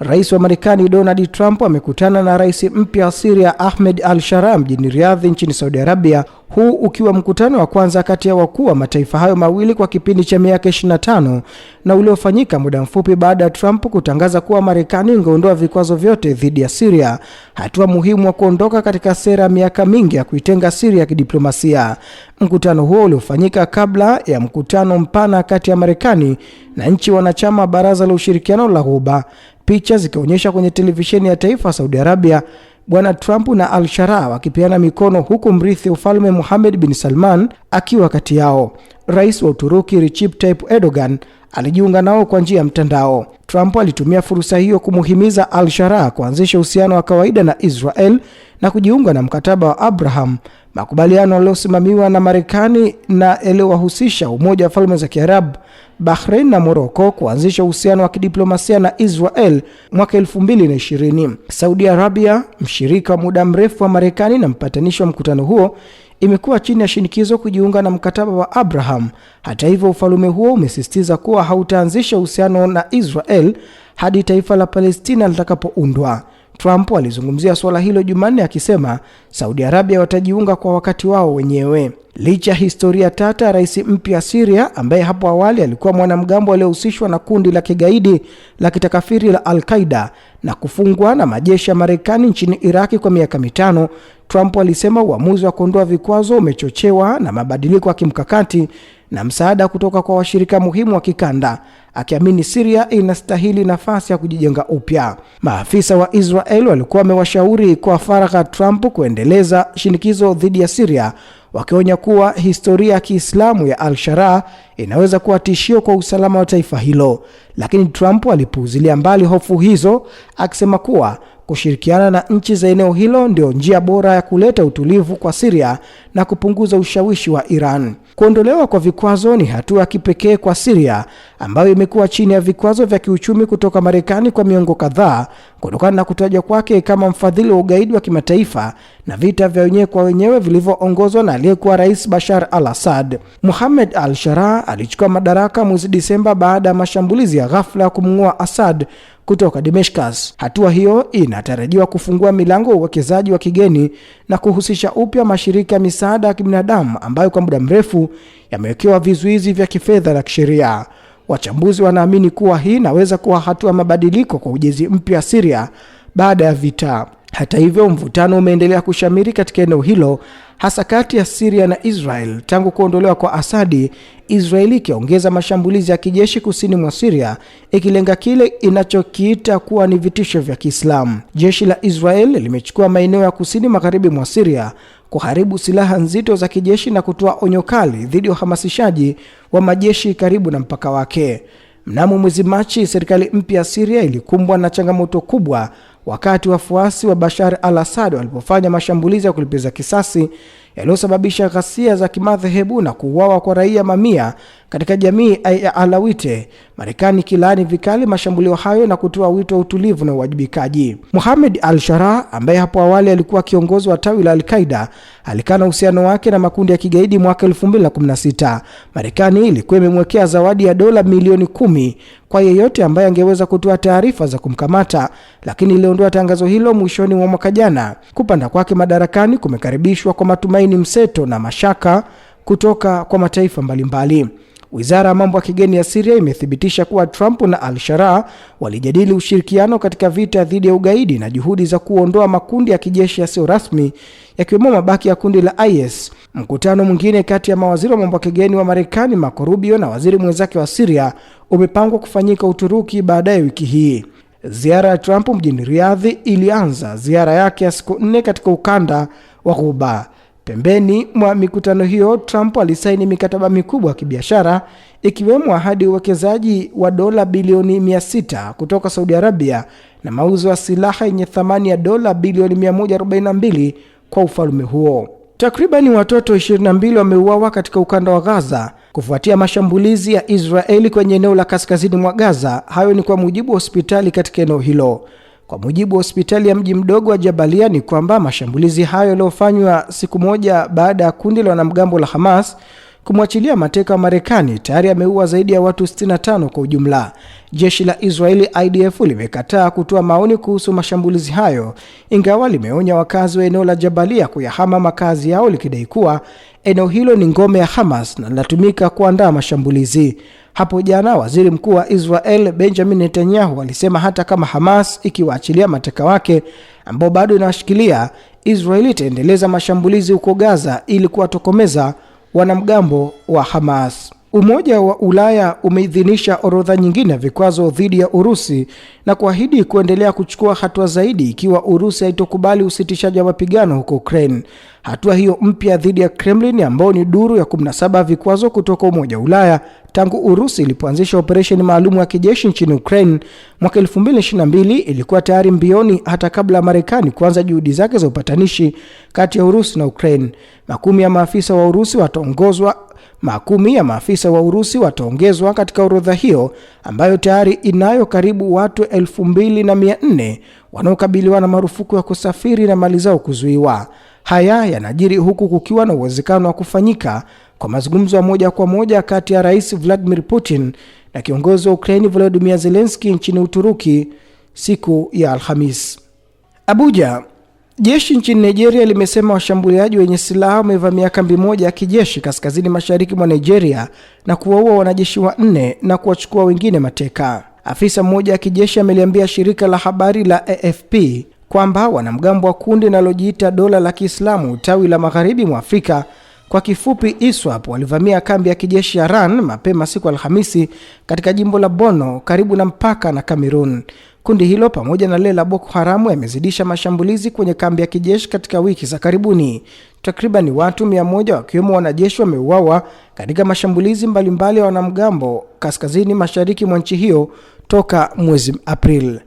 Rais wa Marekani Donald Trump amekutana na rais mpya wa Syria Ahmed al-Sharaa mjini Riyadh nchini Saudi Arabia, huu ukiwa mkutano wa kwanza kati ya wakuu wa mataifa hayo mawili kwa kipindi cha miaka 25 na uliofanyika muda mfupi baada ya Trump kutangaza kuwa Marekani ingeondoa vikwazo vyote dhidi ya Syria, hatua muhimu wa kuondoka katika sera ya miaka mingi ya kuitenga Syria ya kidiplomasia. Mkutano huo uliofanyika kabla ya mkutano mpana kati ya Marekani na nchi wanachama wa Baraza la Ushirikiano la Ghuba picha zikionyesha kwenye televisheni ya taifa Saudi Arabia Bwana Trump na Al Shara wakipeana mikono huku mrithi ufalme Mohammed bin Salman akiwa kati yao. Rais wa Uturuki Recep Tayyip Erdogan alijiunga nao kwa njia ya mtandao. Trump alitumia fursa hiyo kumuhimiza Al Shara kuanzisha uhusiano wa kawaida na Israel na kujiunga na mkataba wa Abraham, makubaliano yaliyosimamiwa na Marekani na yaliyowahusisha Umoja wa Falme za Kiarabu Bahrain na Morocco kuanzisha uhusiano wa kidiplomasia na Israel mwaka 2020. Saudi Arabia, mshirika wa muda mrefu wa Marekani na mpatanishi wa mkutano huo, imekuwa chini ya shinikizo kujiunga na mkataba wa Abraham. Hata hivyo, ufalume huo umesisitiza kuwa hautaanzisha uhusiano na Israel hadi taifa la Palestina litakapoundwa. Trump alizungumzia suala hilo Jumanne akisema Saudi Arabia watajiunga kwa wakati wao wenyewe. Licha historia tata rais mpya Syria ambaye hapo awali alikuwa mwanamgambo aliyohusishwa na kundi la kigaidi la kitakafiri la al qaeda na kufungwa na majeshi ya Marekani nchini Iraki kwa miaka mitano, Trump alisema uamuzi wa kuondoa vikwazo umechochewa na mabadiliko ya kimkakati na msaada kutoka kwa washirika muhimu wa kikanda, akiamini Syria inastahili nafasi ya kujijenga upya. Maafisa wa Israel walikuwa wamewashauri kwa faragha Trump kuendeleza shinikizo dhidi ya Syria wakionya kuwa historia ya Kiislamu ya Al-Sharaa inaweza kuwa tishio kwa usalama wa taifa hilo, lakini Trump alipuuzilia mbali hofu hizo, akisema kuwa kushirikiana na nchi za eneo hilo ndio njia bora ya kuleta utulivu kwa Syria na kupunguza ushawishi wa Iran. Kuondolewa kwa vikwazo ni hatua ya kipekee kwa Syria ambayo imekuwa chini ya vikwazo vya kiuchumi kutoka Marekani kwa miongo kadhaa, kutokana na kutajwa kwake kama mfadhili wa ugaidi wa kimataifa na vita vya wenyewe kwa wenyewe vilivyoongozwa na aliyekuwa rais Bashar al-Assad. muhamed al-Sharaa alichukua madaraka mwezi Disemba baada ya mashambulizi ya ghafla ya kumng'oa Assad kutoka Damascus. Hatua hiyo inatarajiwa kufungua milango ya uwekezaji wa kigeni na kuhusisha upya mashirika ya misaada ya kibinadamu ambayo kwa muda mrefu yamewekewa vizuizi vya kifedha na kisheria. Wachambuzi wanaamini kuwa hii inaweza kuwa hatua mabadiliko kwa ujenzi mpya wa Syria baada ya vita. Hata hivyo, mvutano umeendelea kushamiri katika eneo hilo hasa kati ya Siria na Israel. Tangu kuondolewa kwa Asadi, Israeli ikiongeza mashambulizi ya kijeshi kusini mwa Siria ikilenga kile inachokiita kuwa ni vitisho vya Kiislamu. Jeshi la Israel limechukua maeneo ya kusini magharibi mwa Siria, kuharibu silaha nzito za kijeshi na kutoa onyo kali dhidi ya uhamasishaji wa majeshi karibu na mpaka wake. Mnamo mwezi Machi, serikali mpya ya Syria ilikumbwa na changamoto kubwa wakati wafuasi wa Bashar al-Assad walipofanya mashambulizi ya kulipiza kisasi yaliyosababisha ghasia za kimadhehebu na kuuawa kwa raia mamia katika jamii ya alawite, Marekani ikilaani vikali mashambulio hayo na kutoa wito wa utulivu na uwajibikaji. Mohamed al Shara, ambaye hapo awali alikuwa kiongozi wa tawi la Al-Qaeda alikana uhusiano wake na makundi ya kigaidi mwaka 2016. Marekani ilikuwa imemwekea zawadi ya dola milioni kumi kwa yeyote ambaye angeweza kutoa taarifa za kumkamata, lakini iliondoa tangazo hilo mwishoni mwa mwaka jana. Kupanda kwake madarakani kumekaribishwa kwa matumaini mseto na mashaka kutoka kwa mataifa mbalimbali mbali. Wizara ya mambo ya kigeni ya Syria imethibitisha kuwa Trump na al-Sharaa walijadili ushirikiano katika vita dhidi ya ugaidi na juhudi za kuondoa makundi ya kijeshi yasiyo rasmi yakiwemo mabaki ya kundi la IS. Mkutano mwingine kati ya mawaziri wa mambo ya kigeni wa Marekani Marco Rubio na waziri mwenzake wa Syria umepangwa kufanyika Uturuki baadaye wiki hii. Ziara ya Trump mjini Riadhi ilianza ziara yake ya siku nne katika ukanda wa Ghuba. Pembeni mwa mikutano hiyo, Trump alisaini mikataba mikubwa ya kibiashara ikiwemo ahadi uwekezaji wa dola bilioni 600 kutoka Saudi Arabia na mauzo ya silaha yenye thamani ya dola bilioni 142 kwa ufalme huo. Takribani watoto 22 wameuawa katika ukanda wa Gaza kufuatia mashambulizi ya Israeli kwenye eneo la kaskazini mwa Gaza. Hayo ni kwa mujibu wa hospitali katika eneo hilo. Kwa mujibu wa hospitali ya mji mdogo wa Jabalia ni kwamba mashambulizi hayo yaliyofanywa siku moja baada ya kundi la wanamgambo la Hamas kumwachilia mateka wa Marekani tayari ameua zaidi ya watu 65 kwa ujumla. Jeshi la Israeli IDF limekataa kutoa maoni kuhusu mashambulizi hayo, ingawa limeonya wakazi wa eneo la Jabalia kuyahama makazi yao likidai kuwa eneo hilo ni ngome ya Hamas na linatumika kuandaa mashambulizi. Hapo jana waziri mkuu wa Israel Benjamin Netanyahu alisema hata kama Hamas ikiwaachilia mateka wake ambao bado inawashikilia, Israeli itaendeleza mashambulizi huko Gaza ili kuwatokomeza wanamgambo wa Hamas. Umoja wa Ulaya umeidhinisha orodha nyingine ya vikwazo dhidi ya Urusi na kuahidi kuendelea kuchukua hatua zaidi ikiwa Urusi haitokubali usitishaji wa mapigano huko Ukraine hatua hiyo mpya dhidi ya Kremlin ambayo ni duru ya 17 vikwazo kutoka Umoja wa Ulaya tangu Urusi ilipoanzisha operesheni maalum ya kijeshi nchini Ukraine mwaka 2022 ilikuwa tayari mbioni hata kabla ya Marekani kuanza juhudi zake za upatanishi kati ya Urusi na Ukraine. Makumi ya maafisa wa Urusi wataongozwa makumi ya maafisa wa Urusi wataongezwa katika orodha hiyo ambayo tayari inayo karibu watu 2400 wanaokabiliwa na marufuku ya kusafiri na mali zao kuzuiwa. Haya yanajiri huku kukiwa na uwezekano wa kufanyika kwa mazungumzo ya moja kwa moja kati ya Rais Vladimir Putin na kiongozi wa Ukraini Volodymyr Zelensky nchini Uturuki siku ya Alhamis. Abuja. Jeshi nchini Nigeria limesema washambuliaji wenye silaha wamevamia kambi moja ya kijeshi kaskazini mashariki mwa Nigeria na kuwaua wanajeshi wanne na kuwachukua wengine mateka. Afisa mmoja wa kijeshi ameliambia shirika la habari la AFP kwamba wanamgambo wa kundi linalojiita dola la Kiislamu tawi la magharibi mwa Afrika kwa kifupi ISWAP walivamia kambi ya kijeshi ya Ran mapema siku Alhamisi katika jimbo la Bono karibu na mpaka na Cameroon. Kundi hilo pamoja na lile la Boko Haramu yamezidisha mashambulizi kwenye kambi ya kijeshi katika wiki za karibuni. Takriban watu 100 wakiwemo wanajeshi wameuawa katika mashambulizi mbalimbali ya mbali wanamgambo kaskazini mashariki mwa nchi hiyo toka mwezi Aprili.